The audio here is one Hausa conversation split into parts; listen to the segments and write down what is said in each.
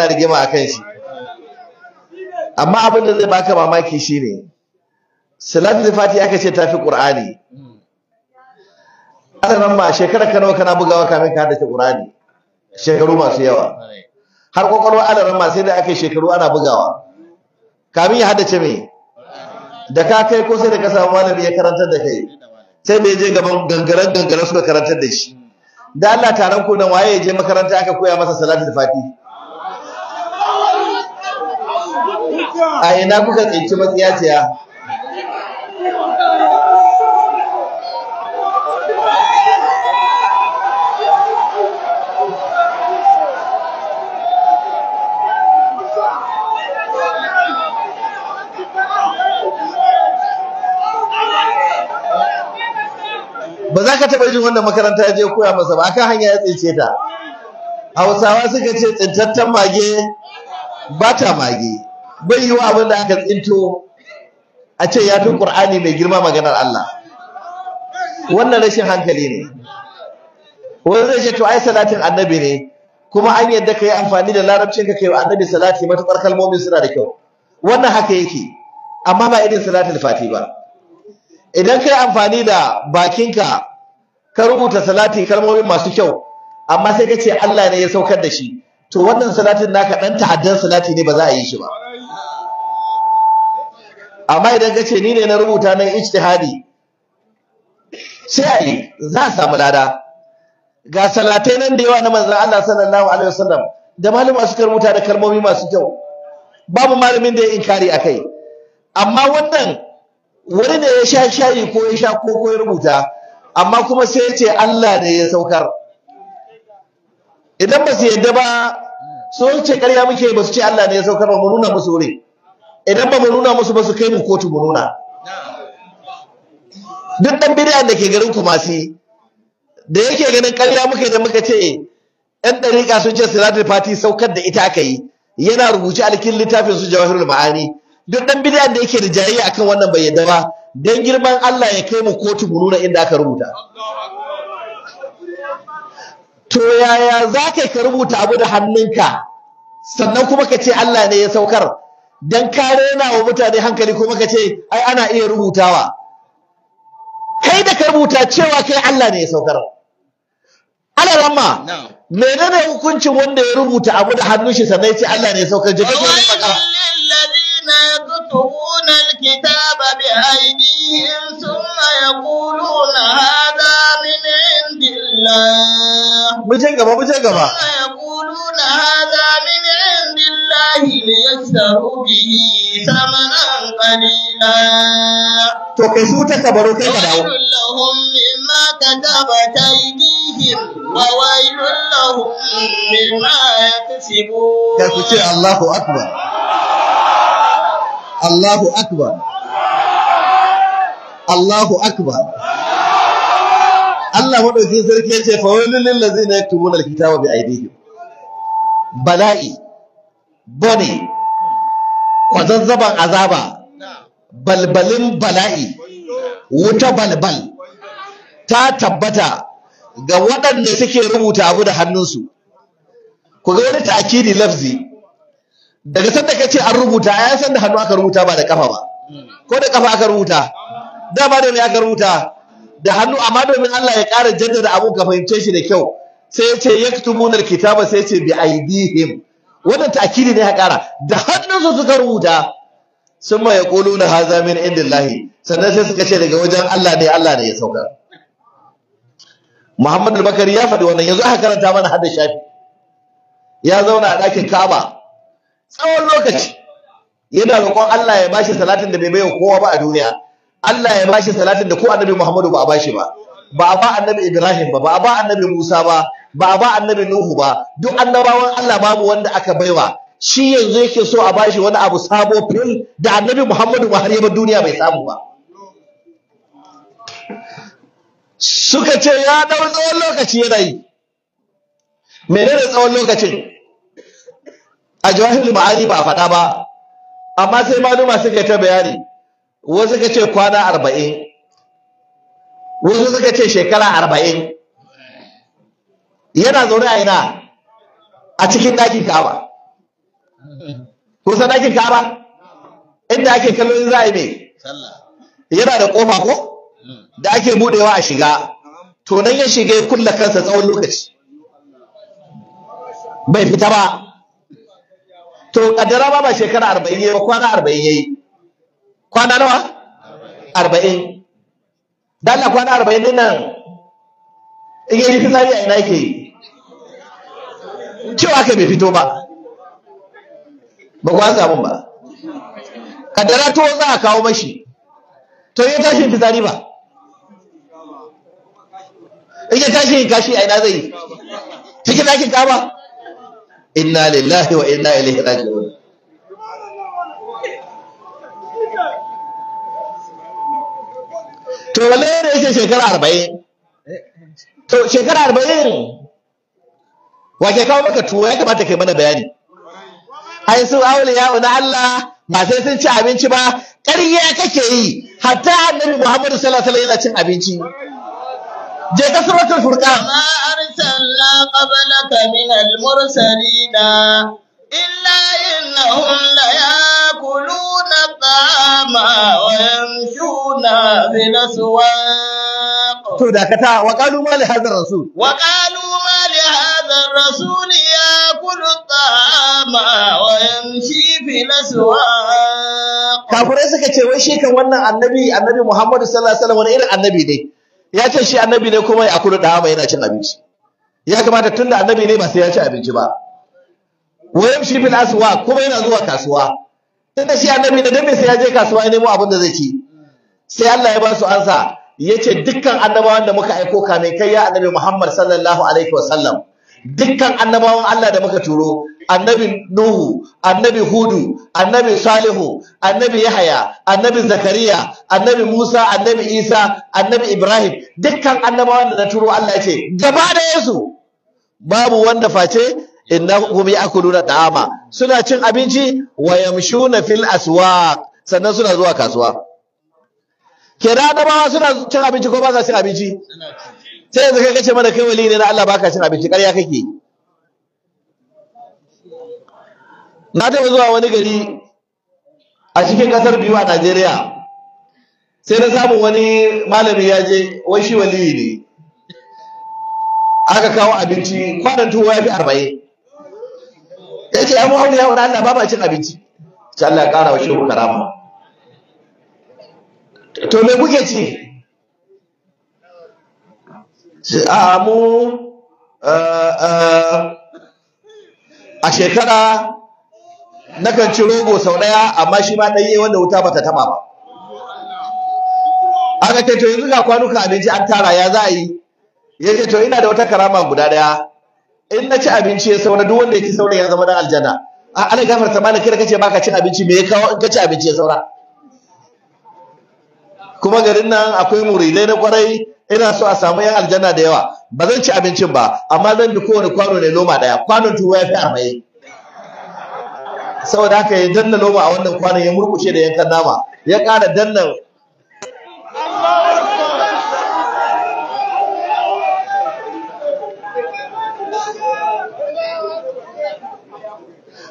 ana rigima a kan shi amma abin da zai baka mamaki shine salatul fati aka ce tafi qur'ani nan ma shekara ka nawa kana bugawa kamin ka haddace qur'ani shekaru masu yawa har kokarwa nan ma sai da aka shekaru ana bugawa kamin ya haddace me da ka kai ko sai da ka samu malami ya karantar da kai sai mai je gaban gangaren gangaren suka karantar da shi da Allah taron ku nan waye ya je makaranta aka koya masa salatul fati a ina kuka tsinci ya ba za ka taɓa jin wanda makaranta ya je koya masa ba akan hanya ya tsince ta hausawa suka ce tsintattan mage ba ta mage bai yi wa abin da aka tsinto a ce ya fi ƙur'ani mai girma maganar Allah wannan rashin hankali ne wani zai ce to ai salatin annabi ne kuma an yadda ka yi amfani da larabcin ka kai wa annabi salati matuƙar kalmomin suna da kyau wannan haka yake amma ba irin salatin fati ba idan ka yi amfani da bakinka ka rubuta salati kalmomin masu kyau amma sai ka ce Allah ne ya saukar da shi to wannan salatin naka dan ta'addan salati ne ba za a yi shi ba amma idan ka ce ni ne na rubuta nan ijtihadi sai a za a samu lada ga salatai nan da yawa na manzon Allah sallallahu alaihi wasallam da malama suka rubuta da kalmomi masu kyau babu malamin da ya inkari akai amma wannan wani ne ya sha shayi ko ya sha koko ya rubuta amma kuma sai ya ce Allah ne ya saukar idan ba su yadda ba sun ce ƙarya muke ba su ce Allah ne ya saukar ba mu nuna musu wuri idan ba mu nuna musu ba su kai mu kotu mu nuna duk ɗan bidiyan da ke garin kumasi da yake ganin ƙarya muke da muka ce ‘yan ɗariƙa sun ce sinadar fati saukar da ita aka yi yana rubuce alkin littafin su jawahirul ma'ani duk ɗan bidiyan da yake da jayayya akan wannan bai yadda ba don girman Allah ya kai mu kotu mu nuna inda aka rubuta to yaya za ka ka rubuta abu da hannunka sannan kuma ka ce Allah ne ya saukar don ka rena wa mutane hankali kuma ka ce ai ana iya rubutawa kai da ka rubuta cewa kai Allah ne ya saukar alarama menene hukuncin wanda ya rubuta abu da hannun shi sannan ya ce Allah ne ya saukar jike يكتبون الكتاب بأيديهم ثم يقولون هذا من عند الله mu je gaba mu je gaba yaquluna hadha min indillahi liyashtaru bihi thamanan qalila to kai su ta kabaro kai ka dawo lahum mimma aydihim wa waylun lahum mimma yaksibun ku ce Allahu akbar Allahu akbar Allahu akbar Allah madaukin sarki yace fa wailul lil ladzina yaktubuna alkitaba bi aydihim bala'i bone kwazazzaban azaba balbalin bala'i wuta balbal ta tabbata ga waɗanda suke rubuta abu da hannunsu ku ga wani ta'akidi lafzi daga sanda ka ce an rubuta ya san da hannu aka rubuta ba da kafa ba ko da kafa aka rubuta dama da ne aka rubuta da hannu amma domin Allah ya ƙara jaddada abu ka fahimce shi da kyau sai ya ce yaktumuna alkitaba sai ya ce bi aidihim wannan ta'kidi ne ya ƙara da hannunsu suka rubuta sun ma yaquluna hadha min indillahi sannan sai suka ce daga wajen Allah ne Allah ne ya sauka Muhammad al-Bakari ya faɗi wannan yanzu aka karanta mana hadda shafi ya zauna a dakin Ka'aba tsawon lokaci yana roƙon Allah ya bashi salatin da bai bai kowa ba a duniya Allah ya bashi salatin da ko annabi Muhammadu ba a bashi ba ba a ba annabi Ibrahim ba ba a ba annabi Musa ba ba a ba annabi Nuhu ba duk annabawan Allah babu wanda aka baiwa shi yanzu yake so a bashi wani abu sabo fil da annabi Muhammadu ba har yaba duniya bai samu ba suka ce ya dau tsawon lokaci yana yi menene tsawon lokacin a jawahir ma'ani ba a faɗa ba amma sai maluma suka ta bayani wasu suka ce kwana arba'in wasu suka ce shekara arba'in yana zaune a ina a cikin ɗakin kaba kusa ɗakin kaba inda ake kallon za a yi yana da ƙofa ko da ake buɗewa a shiga to nan ya shiga ya kulla kansa tsawon lokaci bai fita ba to kaddara ba ba shekara arba'in ya yi, ba kwana arba'in ya yi. kwana nawa arba'in da na kwana arba'in din nan in yi fitsari a ina yake yi cewa ka bai fito ba ba kwan samun ba kaddara to za a kawo mashi to yi tashi fitsari ba iya tashin tashi kashi a ina zai yi cikin ɗakin kama? inna lillahi wa inna ilaihi raji'un to wale ne yake shekara arba'in to shekara arba'in wake kawo maka tuwo ya kamata ke mana bayani ai su ya na Allah ba sai sun ci abinci ba ƙarya kake yi hatta annabi Muhammadu sallallahu alaihi wasallam yana cin abinci je ka suratul furqan ma arsalna qablaka min al-mursalina illa innahum na dakata wa ma li hadha rasul ma li hadha rasul yakulu ta'ama wa yamshi fil aswaq kafirai suka ce wai shi kan wannan annabi annabi Muhammadu sallallahu alaihi wasallam wani irin annabi ne ya ce shi annabi ne kuma ya da hama yana cin abinci ya kamata tunda annabi ne ba sai ya ci abinci ba wa yamshi fil aswaq kuma yana zuwa kasuwa tunda shi annabi ne dan me sai ya je kasuwa ya nemo abin da zai ci sai Allah ya ba su ansa yace dukkan annabawan da muka aiko kame kai ya annabi Muhammad sallallahu alaihi wasallam dukkan annabawan Allah da muka turo annabi Nuhu annabi Hudu annabi Salihu annabi Yahaya annabi Zakariya annabi Musa annabi Isa annabi Ibrahim dukkan annabawan da na turo Allah yace gaba da yesu babu wanda face innahum ya'kuluna ta'ama suna cin abinci wa yamshuna fil aswaq sannan suna zuwa kasuwa ke da suna cin abinci ko ba za cin abinci sai yanzu kai kace mana kai wali ne na Allah baka cin abinci ƙarya kake na taɓa zuwa wani gari a cikin ƙasar biyu a Najeriya sai na samu wani malami ya je wai shi wali ne aka kawo abinci kwanan tuwo ya fi arba'in ya ce ya mu ya wani Allah ba cin abinci sai Allah ya ƙara wa shehu karama to me kuke ci a mu a shekara nakan ci rogo sau ɗaya amma shi ma ɗanye wanda wuta ba ta tama ba aka ce to yanzu ga kwanuka abinci an tara ya za a yi ya ce to ina da wata karama guda ɗaya in na ci abinci ya saura duk wanda ya ci saura ya zama dan aljanna a ana gafarta malaka da kace baka cin abinci me ya kawo in ka ci abinci ya saura kuma garin nan akwai muridai na kwarai ina so a samu yan aljanna da yawa ba zan ci abincin ba amma zan bi kowane kwano ne loma daya kwanon tuwo ya fi arba'in saboda haka ya danna loma a wannan kwanon ya murkushe da yankan nama ya ƙara dannan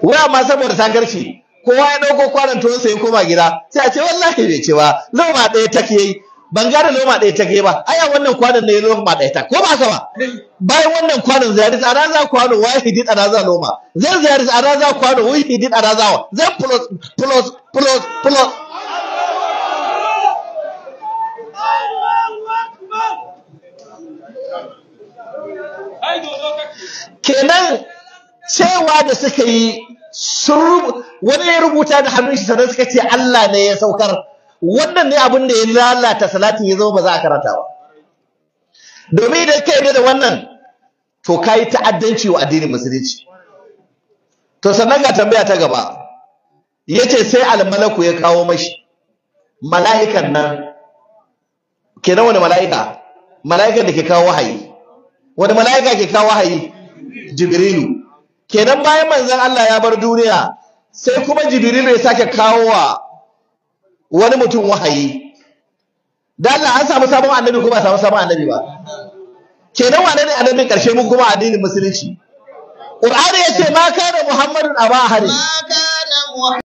wai amma saboda sangarci kowa ya dauko kwanan tuwon sa ya koma gida sai a ce wallahi bai ce ba loma ɗaya ke yi ban gane loma ɗaya ta ke ba ai a wannan kwanan ne loma ɗaya ta ko ba haka ba bayan wannan kwanan zai a raza kwano wai hidit a raza loma zai zai a raza kwano wai hidit a raza wa zai plus plus plus plus kenan cewa da suka yi sun wani ya rubuta da hannun shi sannan suka ce Allah ne ya saukar wannan ne abin da ya lalata salatin ya zama ba za a karanta ba domin idan ka da wannan to ka yi ta'addanci wa addinin musulunci to sannan ga tambaya ta gaba ya ce sai almalaku ya kawo mashi mala'ikan nan ke nan wani mala'ika mala'ikan da ke kawo wahayi wani mala'ika ke kawo wahayi jibrilu kenan bayan manzon Allah ya bar duniya sai kuma jibril ya sake kawo wa wani mutum wahayi da Allah an samu sabon annabi kuma samu sabon annabi ba kenan wane ne annabi karshe mu kuma addinin musulunci Qur'ani yace ma kana Muhammadun aba hari.